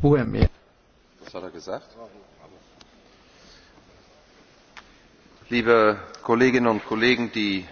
Puhemies. Liebe Kolleginnen und Kollegen, die